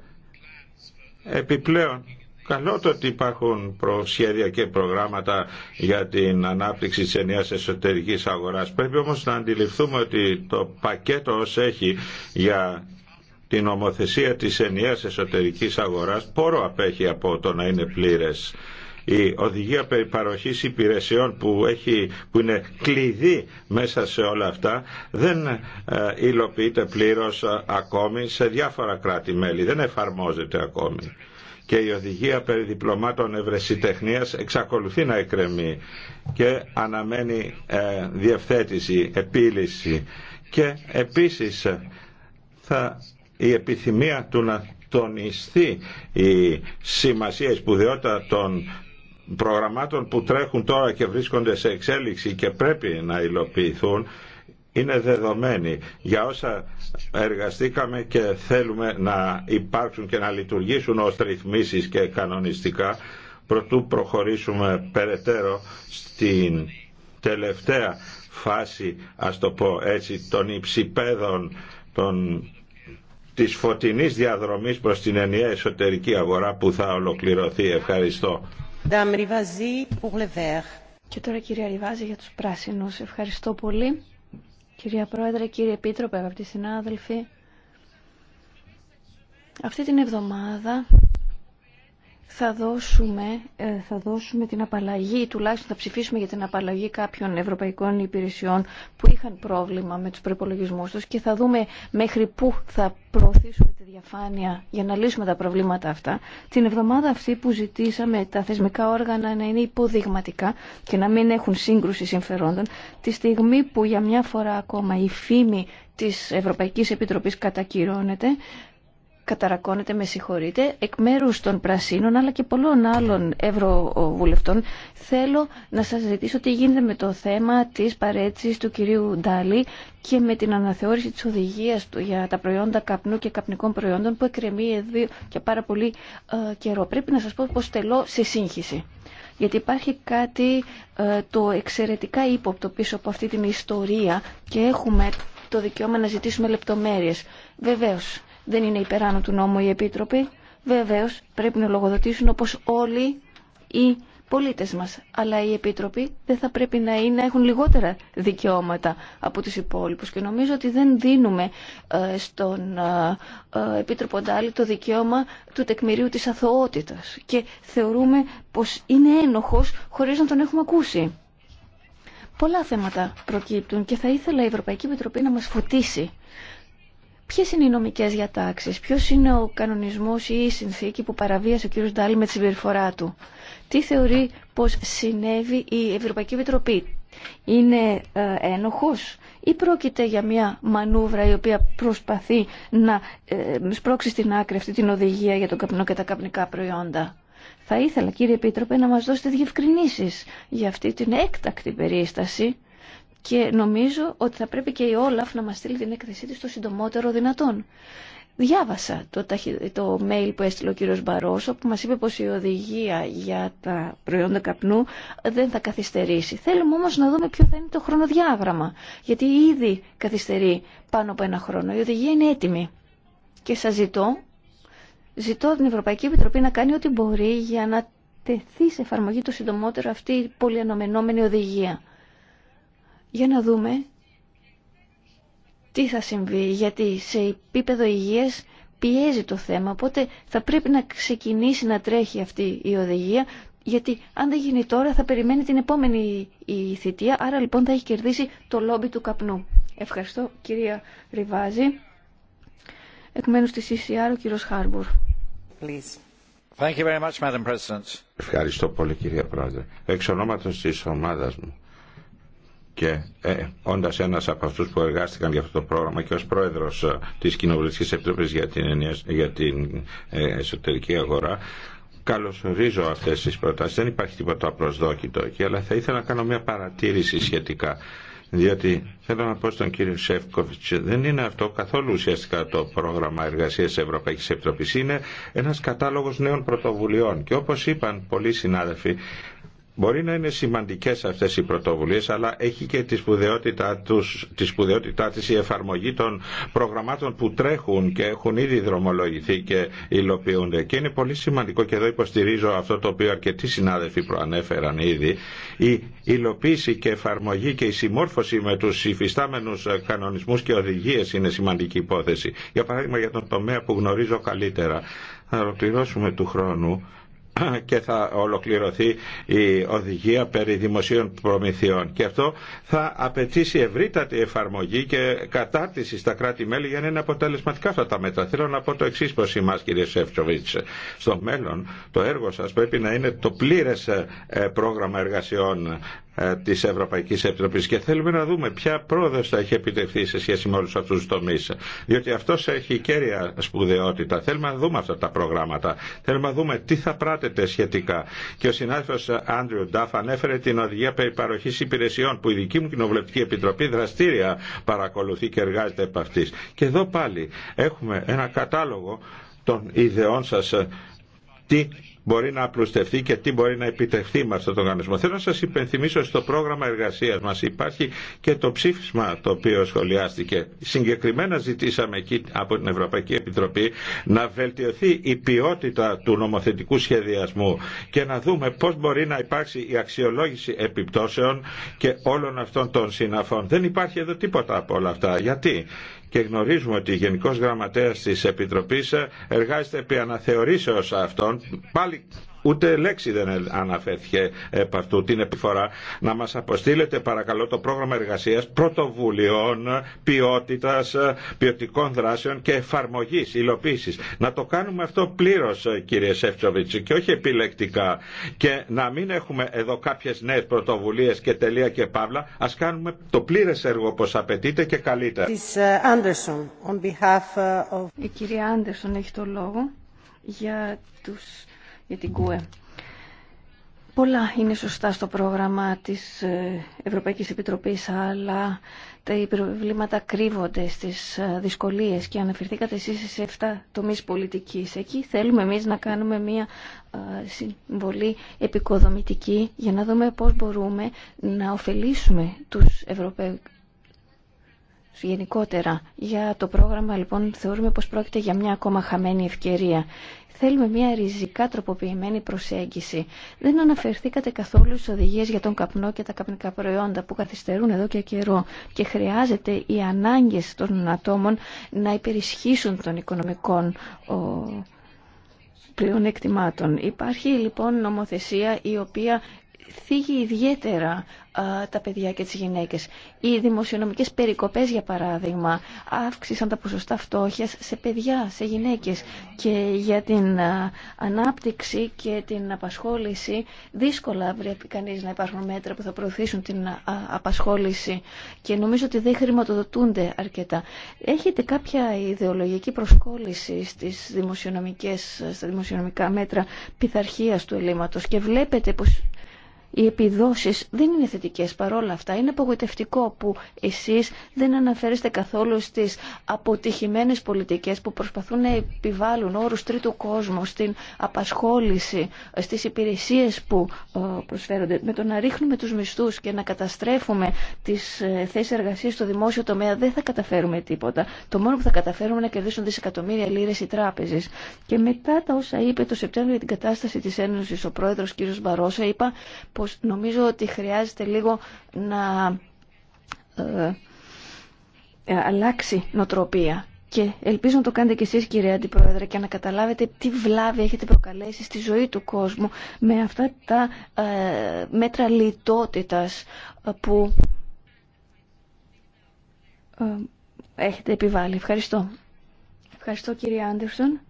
C: επιπλέον Καλό το ότι υπάρχουν προσχέδια και προγράμματα για την ανάπτυξη της ενιαίας εσωτερικής αγοράς. Πρέπει όμως να αντιληφθούμε ότι το πακέτο ως έχει για την νομοθεσία της ενιαίας εσωτερικής αγοράς πόρο απέχει από το να είναι πλήρες. Η οδηγία περί παροχής υπηρεσιών που, έχει, που είναι κλειδί μέσα σε όλα αυτά δεν ε, υλοποιείται πλήρως ε, ακόμη σε διάφορα κράτη-μέλη, δεν εφαρμόζεται ακόμη. Και η οδηγία περί διπλωμάτων ευρεσιτεχνίας εξακολουθεί να εκκρεμεί και αναμένει ε, διευθέτηση, επίλυση. Και επίσης θα η επιθυμία του να τονιστεί η σημασία, η σπουδαιότητα των προγραμμάτων που τρέχουν τώρα και βρίσκονται σε εξέλιξη και πρέπει να υλοποιηθούν είναι δεδομένη για όσα εργαστήκαμε και θέλουμε να υπάρξουν και να λειτουργήσουν ως ρυθμίσεις και κανονιστικά προτού προχωρήσουμε περαιτέρω στην τελευταία φάση ας το έτσι των υψηπέδων των της φωτεινής διαδρομής προς την ενιαία εσωτερική αγορά που θα ολοκληρωθεί. Ευχαριστώ.
D: Και τώρα κυρία Ριβάζη για τους πράσινους. Ευχαριστώ πολύ. Κυρία Πρόεδρε, κύριε Επίτροπε, αγαπητοί συνάδελφοι. Αυτή την εβδομάδα θα δώσουμε, ε, θα δώσουμε την απαλλαγή, τουλάχιστον θα ψηφίσουμε για την απαλλαγή κάποιων ευρωπαϊκών υπηρεσιών που είχαν πρόβλημα με τους προπολογισμού τους και θα δούμε μέχρι πού θα προωθήσουμε τη διαφάνεια για να λύσουμε τα προβλήματα αυτά. Την εβδομάδα αυτή που ζητήσαμε τα θεσμικά όργανα να είναι υποδειγματικά και να μην έχουν σύγκρουση συμφερόντων, τη στιγμή που για μια φορά ακόμα η φήμη της Ευρωπαϊκής Επιτροπής κατακυρώνεται, καταρακώνεται, με συγχωρείτε, εκ μέρου των Πρασίνων αλλά και πολλών άλλων Ευρωβουλευτών. Θέλω να σα ζητήσω τι γίνεται με το θέμα τη παρέτηση του κυρίου Ντάλι και με την αναθεώρηση τη οδηγία του για τα προϊόντα καπνού και καπνικών προϊόντων που εκκρεμεί εδώ και πάρα πολύ ε, καιρό. Πρέπει να σα πω πω τελώ σε σύγχυση. Γιατί υπάρχει κάτι ε, το εξαιρετικά ύποπτο πίσω από αυτή την ιστορία και έχουμε το δικαίωμα να ζητήσουμε λεπτομέρειες. Βεβαίως, δεν είναι υπεράνω του νόμου οι επίτροποι. Βεβαίως πρέπει να λογοδοτήσουν όπως όλοι οι πολίτες μας. Αλλά οι επίτροποι δεν θα πρέπει να, είναι, να έχουν λιγότερα δικαιώματα από τους υπόλοιπους. Και νομίζω ότι δεν δίνουμε ε, στον ε, ε, επίτροπο Ντάλι το δικαίωμα του τεκμηρίου της αθωότητας. Και θεωρούμε πως είναι ένοχος χωρίς να τον έχουμε ακούσει. Πολλά θέματα προκύπτουν και θα ήθελα η Ευρωπαϊκή Επιτροπή να μας φωτίσει Ποιε είναι οι νομικές διατάξει, ποιο είναι ο κανονισμός ή η συνθήκη που παραβίασε ο κύριος Ντάλι με τη συμπεριφορά του. Τι θεωρεί πως συνέβη η Ευρωπαϊκή Επιτροπή. Είναι ε, ένοχος ή πρόκειται για μια μανούβρα η οποία προσπαθεί να ε, σπρώξει στην άκρη αυτή την οδηγία για τον καπνό και τα καπνικά προϊόντα. Θα ήθελα κύριε Επίτροπε να μας δώσετε διευκρινήσεις για αυτή την έκτακτη περίσταση και νομίζω ότι θα πρέπει και η Όλαφ να μας στείλει την έκθεσή της το συντομότερο δυνατόν. Διάβασα το, το mail που έστειλε ο κύριος Μπαρόσο που μας είπε πως η οδηγία για τα προϊόντα καπνού δεν θα καθυστερήσει. Θέλουμε όμως να δούμε ποιο θα είναι το χρονοδιάγραμμα, γιατί ήδη καθυστερεί πάνω από ένα χρόνο. Η οδηγία είναι έτοιμη και σας ζητώ, ζητώ την Ευρωπαϊκή Επιτροπή να κάνει ό,τι μπορεί για να τεθεί σε εφαρμογή το συντομότερο αυτή η πολυανομενόμενη οδηγία για να δούμε τι θα συμβεί, γιατί σε επίπεδο υγείας πιέζει το θέμα, οπότε θα πρέπει να ξεκινήσει να τρέχει αυτή η οδηγία, γιατί αν δεν γίνει τώρα θα περιμένει την επόμενη η θητεία, άρα λοιπόν θα έχει κερδίσει το λόμπι του καπνού. Ευχαριστώ κυρία Ριβάζη. Εκ μέρους της CCR ο κύριος Χάρμπουρ.
C: Ευχαριστώ πολύ κυρία Πρόεδρε. Εξ ονόματος της ομάδας μου και ε, όντα ένα από αυτού που εργάστηκαν για αυτό το πρόγραμμα και ω πρόεδρο ε, τη Κοινοβουλευτική Επιτροπή για την, για την ε, εσωτερική αγορά, καλωσορίζω αυτέ τι προτάσει. Δεν υπάρχει τίποτα απροσδόκητο εκεί, αλλά θα ήθελα να κάνω μια παρατήρηση σχετικά. Διότι θέλω να πω στον κύριο Σεύκοβιτ, δεν είναι αυτό καθόλου ουσιαστικά το πρόγραμμα εργασία Ευρωπαϊκή Επιτροπή. Είναι ένα κατάλογο νέων πρωτοβουλειών. Και όπω είπαν πολλοί συνάδελφοι, Μπορεί να είναι σημαντικές αυτές οι πρωτοβουλίες, αλλά έχει και τη σπουδαιότητά, τους, τη σπουδαιότητά της η εφαρμογή των προγραμμάτων που τρέχουν και έχουν ήδη δρομολογηθεί και υλοποιούνται. Και είναι πολύ σημαντικό, και εδώ υποστηρίζω αυτό το οποίο αρκετοί συνάδελφοι προανέφεραν ήδη, η υλοποίηση και εφαρμογή και η συμμόρφωση με τους υφιστάμενους κανονισμούς και οδηγίες είναι σημαντική υπόθεση. Για παράδειγμα για τον τομέα που γνωρίζω καλύτερα. Θα ολοκληρώσουμε του χρόνου και θα ολοκληρωθεί η οδηγία περί δημοσίων προμηθειών. Και αυτό θα απαιτήσει ευρύτατη εφαρμογή και κατάρτιση στα κράτη-μέλη για να είναι αποτελεσματικά αυτά τα μέτρα. Θέλω να πω το εξή προ εμά, κύριε Σεύτσοβιτ. Στο μέλλον, το έργο σα πρέπει να είναι το πλήρε ε, πρόγραμμα εργασιών ε, Τη Ευρωπαϊκή Επιτροπής και θέλουμε να δούμε ποια πρόοδος θα έχει επιτευχθεί σε σχέση με όλου αυτού του τομεί. διότι αυτό έχει κέρια σπουδαιότητα θέλουμε να δούμε αυτά τα προγράμματα θέλουμε να δούμε τι θα πράτεται σχετικά και ο συνάδελφος Άντριου Ντάφ ανέφερε την οδηγία περί υπηρεσιών που η δική μου κοινοβουλευτική επιτροπή δραστήρια παρακολουθεί και εργάζεται επ' αυτή. και εδώ πάλι έχουμε ένα κατάλογο των ιδεών σας ε, τι μπορεί να απλουστευτεί και τι μπορεί να επιτευχθεί με αυτόν τον οργανισμό. Θέλω να σα υπενθυμίσω στο πρόγραμμα εργασίας μας υπάρχει και το ψήφισμα το οποίο σχολιάστηκε. Συγκεκριμένα ζητήσαμε εκεί από την Ευρωπαϊκή Επιτροπή να βελτιωθεί η ποιότητα του νομοθετικού σχεδιασμού και να δούμε πώς μπορεί να υπάρξει η αξιολόγηση επιπτώσεων και όλων αυτών των συναφών. Δεν υπάρχει εδώ τίποτα από όλα αυτά. Γιατί και γνωρίζουμε ότι ο Γενικός Γραμματέας της Επιτροπής εργάζεται επί αναθεωρήσεως αυτών, πάλι Ούτε λέξη δεν ε, αναφέρθηκε επ' αυτού την επιφορά. Να μας αποστείλετε παρακαλώ το πρόγραμμα εργασίας πρωτοβουλειών ποιότητας, ε, ποιοτικών δράσεων και εφαρμογής, υλοποίησης. Να το κάνουμε αυτό πλήρως ε, κύριε Σεφτσοβίτση και όχι επιλεκτικά και να μην έχουμε εδώ κάποιες νέες πρωτοβουλίες και τελεία και παύλα. Ας κάνουμε το πλήρες έργο όπως απαιτείται και καλύτερα. Η
D: κυρία Άντερσον έχει το λόγο για τους για την Πολλά είναι σωστά στο πρόγραμμα της ε, Ευρωπαϊκής Επιτροπής, αλλά τα προβλήματα κρύβονται στις ε, δυσκολίες και αναφερθήκατε εσείς σε 7 τομείς πολιτικής. Εκεί θέλουμε εμείς να κάνουμε μια ε, συμβολή επικοδομητική για να δούμε πώς μπορούμε να ωφελήσουμε τους Ευρωπαίους γενικότερα. Για το πρόγραμμα λοιπόν θεωρούμε πως πρόκειται για μια ακόμα χαμένη ευκαιρία. Θέλουμε μια ριζικά τροποποιημένη προσέγγιση. Δεν αναφερθήκατε καθόλου στι οδηγίε για τον καπνό και τα καπνικά προϊόντα που καθυστερούν εδώ και καιρό και χρειάζεται οι ανάγκε των ατόμων να υπερισχύσουν των οικονομικών ο, Υπάρχει λοιπόν νομοθεσία η οποία θίγει ιδιαίτερα τα παιδιά και τις γυναίκες. Οι δημοσιονομικές περικοπές, για παράδειγμα, αύξησαν τα ποσοστά φτώχειας σε παιδιά, σε γυναίκες και για την ανάπτυξη και την απασχόληση δύσκολα βρέπει κανείς να υπάρχουν μέτρα που θα προωθήσουν την απασχόληση και νομίζω ότι δεν χρηματοδοτούνται αρκετά. Έχετε κάποια ιδεολογική προσκόλληση στις δημοσιονομικές, στα δημοσιονομικά μέτρα πειθαρχίας του ελλείμματος και βλέπετε πως οι επιδόσεις δεν είναι θετικές παρόλα αυτά. Είναι απογοητευτικό που εσείς δεν αναφέρεστε καθόλου στις αποτυχημένες πολιτικές που προσπαθούν να επιβάλλουν όρους τρίτου κόσμου στην απασχόληση, στις υπηρεσίες που ε, προσφέρονται. Με το να ρίχνουμε τους μισθούς και να καταστρέφουμε τις ε, θέσεις εργασίας στο δημόσιο τομέα δεν θα καταφέρουμε τίποτα. Το μόνο που θα καταφέρουμε είναι να κερδίσουν δισεκατομμύρια λίρες οι τράπεζες. Και μετά τα όσα είπε το Σεπτέμβριο για την κατάσταση της Ένωσης ο πρόεδρος κ. Μπαρόσα είπα πως νομίζω ότι χρειάζεται λίγο να ε, ε, αλλάξει νοτροπία. Και ελπίζω να το κάνετε και εσείς κύριε Αντιπρόεδρε και να καταλάβετε τι βλάβη έχετε προκαλέσει στη ζωή του κόσμου με αυτά τα ε, μέτρα λιτότητας που έχετε επιβάλει. Ευχαριστώ. Ευχαριστώ κύριε Άντερσον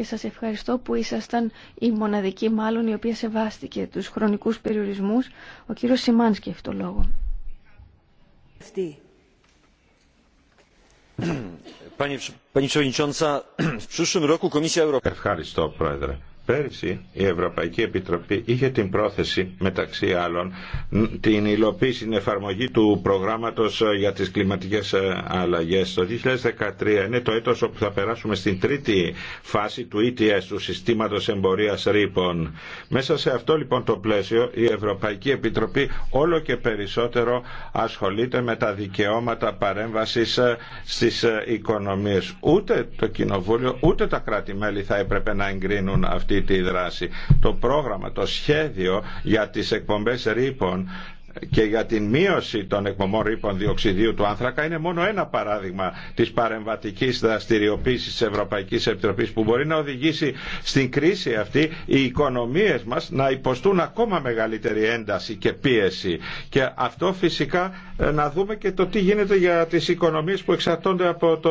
D: και σας ευχαριστώ που ήσασταν η μοναδική μάλλον η οποία σεβάστηκε τους χρονικούς περιορισμούς. Ο κύριος Σιμάνσκι έχει το λόγο.
C: Ευχαριστώ, Πρόεδρε. Πέρυσι η Ευρωπαϊκή Επιτροπή είχε την πρόθεση μεταξύ άλλων την υλοποίηση, την εφαρμογή του προγράμματος ε, για τις κλιματικές ε, αλλαγές. Το 2013 είναι το έτος όπου θα περάσουμε στην τρίτη φάση του ETS, του συστήματος εμπορίας ρήπων. Μέσα σε αυτό λοιπόν το πλαίσιο η Ευρωπαϊκή Επιτροπή όλο και περισσότερο ασχολείται με τα δικαιώματα παρέμβασης ε, στις οικονομίες. Ούτε το Κοινοβούλιο ούτε τα κρατη θα έπρεπε να εγκρίνουν αυτή τη δράση. Το πρόγραμμα, το σχέδιο για τις εκπομπές ρήπων και για την μείωση των εκπομπών ρήπων διοξιδίου του άνθρακα είναι μόνο ένα παράδειγμα της παρεμβατικής δραστηριοποίησης της Ευρωπαϊκής Επιτροπής που μπορεί να οδηγήσει στην κρίση αυτή οι οικονομίες μας να υποστούν ακόμα μεγαλύτερη ένταση και πίεση και αυτό φυσικά ε, να δούμε και το τι γίνεται για τις οικονομίες που εξαρτώνται από το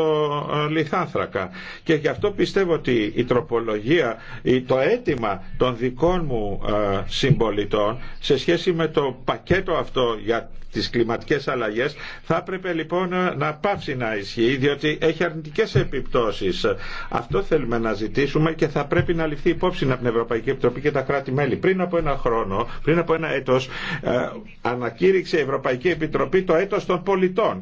C: ε, λιθάνθρακα και γι' αυτό πιστεύω ότι η τροπολογία ή το αίτημα των δικών μου ε, συμπολιτών σε σχέση με το πακέτο αυτό για τις κλιματικές αλλαγές θα έπρεπε λοιπόν να πάψει να ισχύει διότι έχει αρνητικές επιπτώσεις. Αυτό θέλουμε να ζητήσουμε και θα πρέπει να ληφθεί υπόψη από την Ευρωπαϊκή Επιτροπή και τα κράτη-μέλη. Πριν από ένα χρόνο, πριν από ένα έτος, ε, ανακήρυξε η Ευρωπαϊκή Επιτροπή το έτος των πολιτών.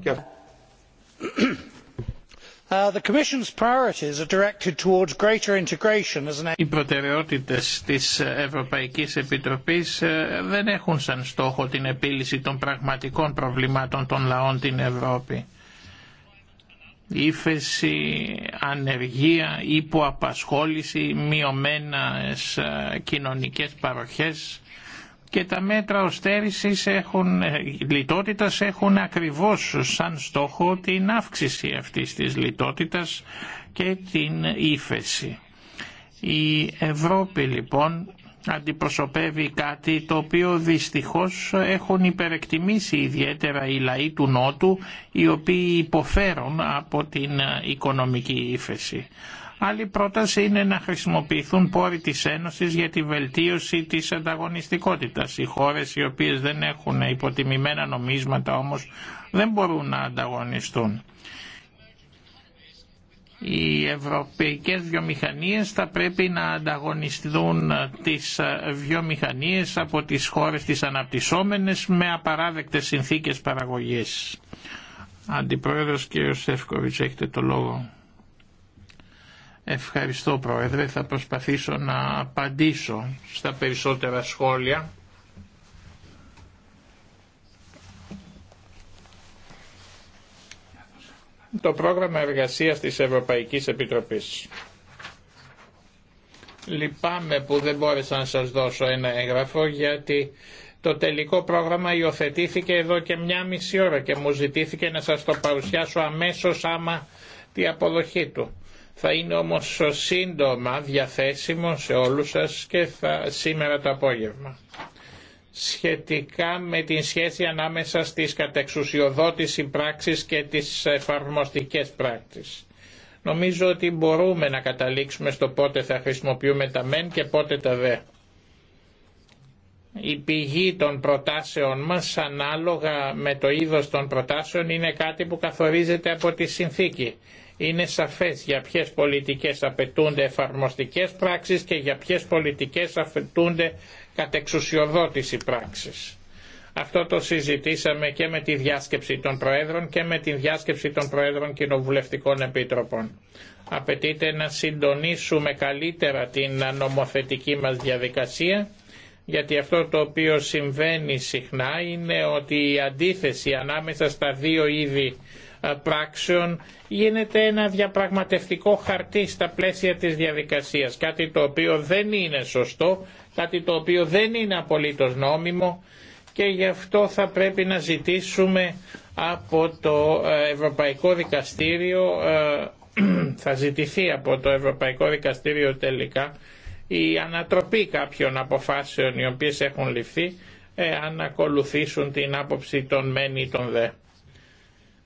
B: Οι προτεραιότητες της Ευρωπαϊκής Επιτροπής ε, δεν έχουν σαν στόχο την επίλυση των πραγματικών προβλημάτων των λαών την Ευρώπη. Ήφεση, ανεργία, υποαπασχόληση, μειωμένες ε, κοινωνικές παροχές και τα μέτρα οστέρησης έχουν, ε, λιτότητας έχουν ακριβώς σαν στόχο την αύξηση αυτής της λιτότητας και την ύφεση. Η Ευρώπη λοιπόν αντιπροσωπεύει κάτι το οποίο δυστυχώς έχουν υπερεκτιμήσει ιδιαίτερα οι λαοί του Νότου οι οποίοι υποφέρουν από την ε, οικονομική ύφεση. Άλλη πρόταση είναι να χρησιμοποιηθούν πόροι της Ένωσης για τη βελτίωση της ανταγωνιστικότητας. Οι χώρες οι οποίες δεν έχουν υποτιμημένα νομίσματα όμως δεν μπορούν να ανταγωνιστούν. Οι ευρωπαϊκές βιομηχανίες θα πρέπει να ανταγωνιστούν τις βιομηχανίες από τις χώρες τις αναπτυσσόμενες με απαράδεκτες συνθήκες παραγωγής. Αντιπρόεδρος κ. Σεύκοβιτς έχετε το λόγο. Ευχαριστώ Πρόεδρε, θα προσπαθήσω να απαντήσω στα περισσότερα σχόλια. Το πρόγραμμα εργασίας της Ευρωπαϊκής Επιτροπής. Λυπάμαι που δεν μπόρεσα να σας δώσω ένα έγγραφο γιατί το τελικό πρόγραμμα υιοθετήθηκε εδώ και μια μισή ώρα και μου ζητήθηκε να σας το παρουσιάσω αμέσως άμα τη αποδοχή του. Θα είναι όμως σύντομα διαθέσιμο σε όλους σας και θα, σήμερα το απόγευμα. Σχετικά με την σχέση ανάμεσα στις κατεξουσιοδότηση πράξεις και τις εφαρμοστικές πράξεις. Νομίζω ότι μπορούμε να καταλήξουμε στο πότε θα χρησιμοποιούμε τα μεν και πότε τα δε. Η πηγή των προτάσεων μας ανάλογα με το είδος των προτάσεων είναι κάτι που καθορίζεται από τη συνθήκη είναι σαφές για ποιες πολιτικές απαιτούνται εφαρμοστικές πράξεις και για ποιες πολιτικές απαιτούνται κατεξουσιοδότηση πράξεις. Αυτό το συζητήσαμε και με τη διάσκεψη των Προέδρων και με τη διάσκεψη των Προέδρων Κοινοβουλευτικών Επίτροπων. Απαιτείται να συντονίσουμε καλύτερα την νομοθετική μας διαδικασία γιατί αυτό το οποίο συμβαίνει συχνά είναι ότι η αντίθεση ανάμεσα στα δύο είδη ε, πράξεων γίνεται ένα διαπραγματευτικό χαρτί στα πλαίσια της διαδικασίας, κάτι το οποίο δεν είναι σωστό, κάτι το οποίο δεν είναι απολύτως νόμιμο και γι' αυτό θα πρέπει να ζητήσουμε από το ε, Ευρωπαϊκό Δικαστήριο, ε, θα ζητηθεί από το Ευρωπαϊκό Δικαστήριο τελικά η ανατροπή κάποιων αποφάσεων οι οποίες έχουν ληφθεί αν ακολουθήσουν την άποψη των μεν ή των δε.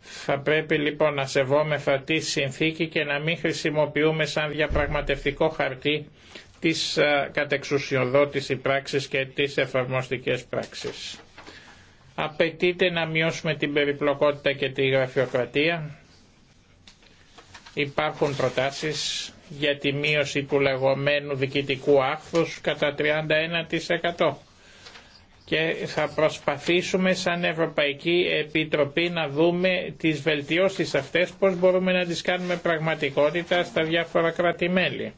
B: Θα πρέπει λοιπόν να σεβόμεθα τη συνθήκη και να μην χρησιμοποιούμε σαν διαπραγματευτικό χαρτί της κατεξουσιοδότηση πράξεις και τις εφαρμοστικές πράξεις. Απαιτείται να μειώσουμε την περιπλοκότητα και τη γραφειοκρατία. Υπάρχουν προτάσεις για τη μείωση του λεγόμενου διοικητικού άχθους κατά 31% και θα προσπαθήσουμε σαν Ευρωπαϊκή Επιτροπή να δούμε τις βελτιώσεις αυτές πώς μπορούμε να τις κάνουμε πραγματικότητα στα διάφορα κράτη-μέλη.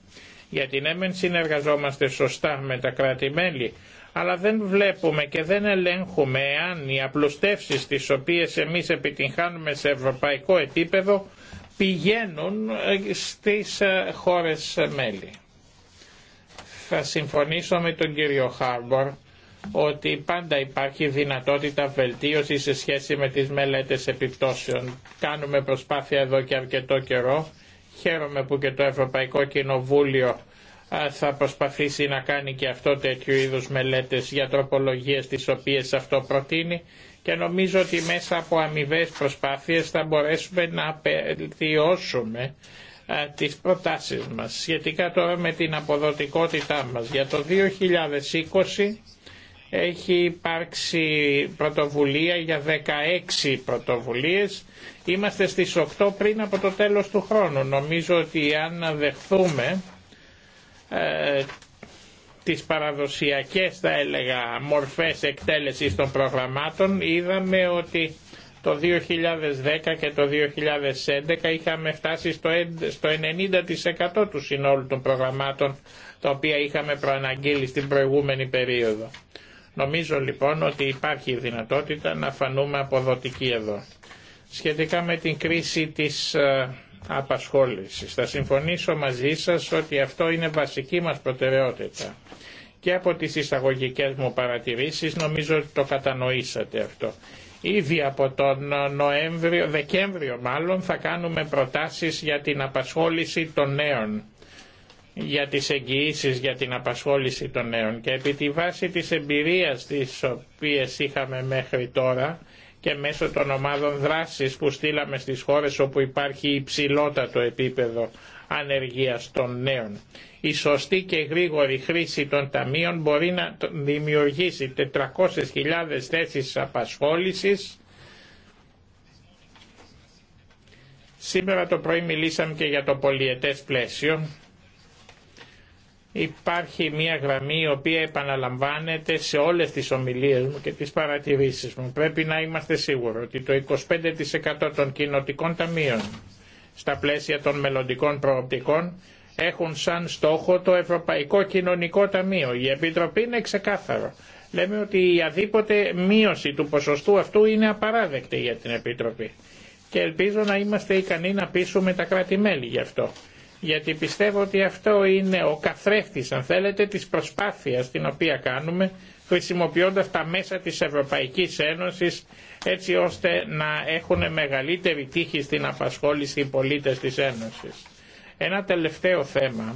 B: Γιατί ναι μεν συνεργαζόμαστε σωστά με τα κράτη-μέλη, αλλά δεν βλέπουμε και δεν ελέγχουμε αν οι απλουστεύσεις τις οποίες εμείς επιτυγχάνουμε σε ευρωπαϊκό επίπεδο πηγαίνουν ε, στις ε, χώρες μέλη. Θα συμφωνήσω με τον κύριο Χάρμπορ ότι πάντα υπάρχει δυνατότητα βελτίωση σε σχέση με τις μελέτες επιπτώσεων. Κάνουμε προσπάθεια εδώ και αρκετό καιρό. Χαίρομαι που και το Ευρωπαϊκό Κοινοβούλιο θα προσπαθήσει να κάνει και αυτό τέτοιου είδους μελέτες για τροπολογίες τις οποίες αυτό προτείνει και νομίζω ότι μέσα από αμοιβέ προσπάθειες θα μπορέσουμε να βελτιώσουμε τις προτάσεις μας σχετικά τώρα με την αποδοτικότητά μας. Για το 2020 έχει υπάρξει πρωτοβουλία για 16 πρωτοβουλίες. Είμαστε στις 8 πριν από το τέλος του χρόνου. Νομίζω ότι αν δεχθούμε ε, τις παραδοσιακές θα έλεγα μορφές εκτέλεσης των προγραμμάτων είδαμε ότι το 2010 και το 2011 είχαμε φτάσει στο 90% του συνόλου των προγραμμάτων τα οποία είχαμε προαναγγείλει στην προηγούμενη περίοδο. Νομίζω λοιπόν ότι υπάρχει δυνατότητα να φανούμε αποδοτικοί εδώ. Σχετικά με την κρίση της ε, απασχόλησης, θα συμφωνήσω μαζί σας ότι αυτό είναι βασική μας προτεραιότητα. Και από τις εισαγωγικές μου παρατηρήσεις νομίζω ότι το κατανοήσατε αυτό. Ήδη από τον Νοέμβριο, Δεκέμβριο μάλλον θα κάνουμε προτάσεις για την απασχόληση των νέων για τις εγγυήσει για την απασχόληση των νέων και επί τη βάση της εμπειρίας της οποίας είχαμε μέχρι τώρα και μέσω των ομάδων δράσης που στείλαμε στις χώρες όπου υπάρχει υψηλότατο επίπεδο ανεργίας των νέων. Η σωστή και γρήγορη χρήση των ταμείων μπορεί να δημιουργήσει 400.000 θέσεις απασχόλησης Σήμερα το πρωί μιλήσαμε και για το πολιετές πλαίσιο υπάρχει μια γραμμή η οποία επαναλαμβάνεται σε όλες τις ομιλίες μου και τις παρατηρήσεις μου. Πρέπει να είμαστε σίγουροι ότι το 25% των κοινοτικών ταμείων στα πλαίσια των μελλοντικών προοπτικών έχουν σαν στόχο το Ευρωπαϊκό Κοινωνικό Ταμείο. Η Επιτροπή είναι ξεκάθαρο. Λέμε ότι η αδίποτε μείωση του ποσοστού αυτού είναι απαράδεκτη για την Επιτροπή. Και ελπίζω να είμαστε ικανοί να πείσουμε τα κράτη-μέλη γι' αυτό γιατί πιστεύω ότι αυτό είναι ο καθρέφτης αν θέλετε της προσπάθειας την οποία κάνουμε χρησιμοποιώντας τα μέσα της Ευρωπαϊκής Ένωσης έτσι ώστε να έχουν μεγαλύτερη τύχη στην απασχόληση οι πολίτες της Ένωσης. Ένα τελευταίο θέμα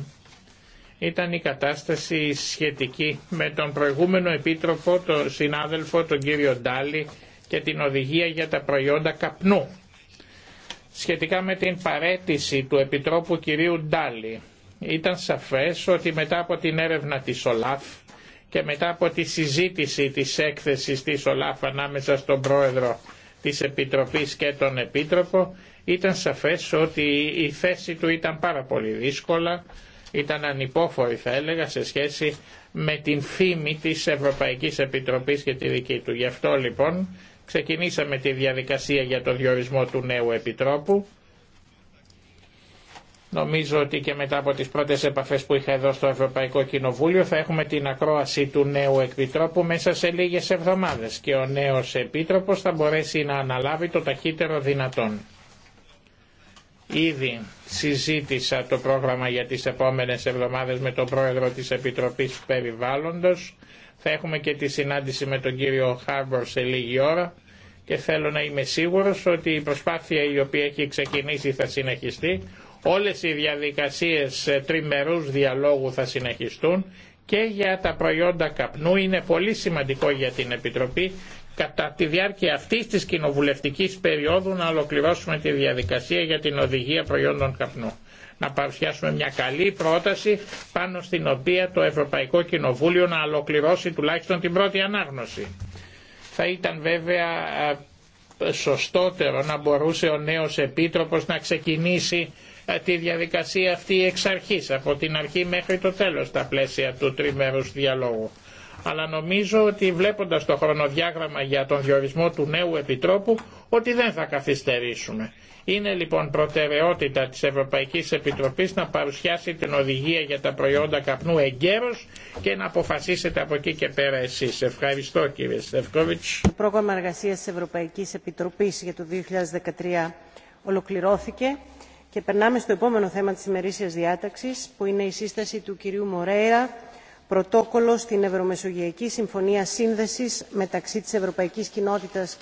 B: ήταν η κατάσταση σχετική με τον προηγούμενο επίτροπο, τον συνάδελφο, τον κύριο Ντάλι και την οδηγία για τα προϊόντα καπνού σχετικά με την παρέτηση του Επιτρόπου κυρίου Ντάλι. Ήταν σαφές ότι μετά από την έρευνα της ΟΛΑΦ και μετά από τη συζήτηση της έκθεσης της ΟΛΑΦ ανάμεσα στον πρόεδρο της Επιτροπής και τον Επίτροπο ήταν σαφές ότι η θέση του ήταν πάρα πολύ δύσκολα, ήταν ανυπόφορη θα έλεγα σε σχέση με την φήμη της Ευρωπαϊκής Επιτροπής και τη δική του. Γι' αυτό λοιπόν Ξεκινήσαμε τη διαδικασία για το διορισμό του νέου Επιτρόπου. Νομίζω ότι και μετά από τις πρώτες επαφές που είχα εδώ στο Ευρωπαϊκό Κοινοβούλιο θα έχουμε την ακρόαση του νέου Επιτρόπου μέσα σε λίγες εβδομάδες και ο νέος Επίτροπος θα μπορέσει να αναλάβει το ταχύτερο δυνατόν. Ήδη συζήτησα το πρόγραμμα για τις επόμενες εβδομάδες με τον πρόεδρο της Επιτροπής Περιβάλλοντος. Θα έχουμε και τη συνάντηση με τον κύριο Χάρμπορ σε λίγη ώρα και θέλω να είμαι σίγουρος ότι η προσπάθεια η οποία έχει ξεκινήσει θα συνεχιστεί. Όλες οι διαδικασίες τριμερούς διαλόγου θα συνεχιστούν και για τα προϊόντα καπνού είναι πολύ σημαντικό για την Επιτροπή κατά τη διάρκεια αυτής της κοινοβουλευτικής περίοδου να ολοκληρώσουμε τη διαδικασία για την οδηγία προϊόντων καπνού. Να παρουσιάσουμε μια καλή πρόταση πάνω στην οποία το Ευρωπαϊκό Κοινοβούλιο να ολοκληρώσει τουλάχιστον την πρώτη ανάγνωση. Θα ήταν βέβαια σωστότερο να μπορούσε ο νέος Επίτροπος να ξεκινήσει τη διαδικασία αυτή εξ αρχής, από την αρχή μέχρι το τέλος, στα πλαίσια του τριμερούς διαλόγου αλλά νομίζω ότι βλέποντας το χρονοδιάγραμμα για τον διορισμό του νέου Επιτρόπου ότι δεν θα καθυστερήσουμε. Είναι λοιπόν προτεραιότητα της Ευρωπαϊκής Επιτροπής να παρουσιάσει την οδηγία για τα προϊόντα καπνού εγκαίρως και να αποφασίσετε από εκεί και πέρα εσείς. Ευχαριστώ κύριε Στευκόβιτς. Το
A: πρόγραμμα εργασίας της Ευρωπαϊκής Επιτροπής για το 2013 ολοκληρώθηκε και περνάμε στο επόμενο θέμα της ημερήσιας διάταξης που είναι η σύσταση του κυρίου Μορέιρα πρωτόκολλο στην ευρωμεσογειακή συμφωνία σύνδεσης μεταξύ της ευρωπαϊκής κοινότητας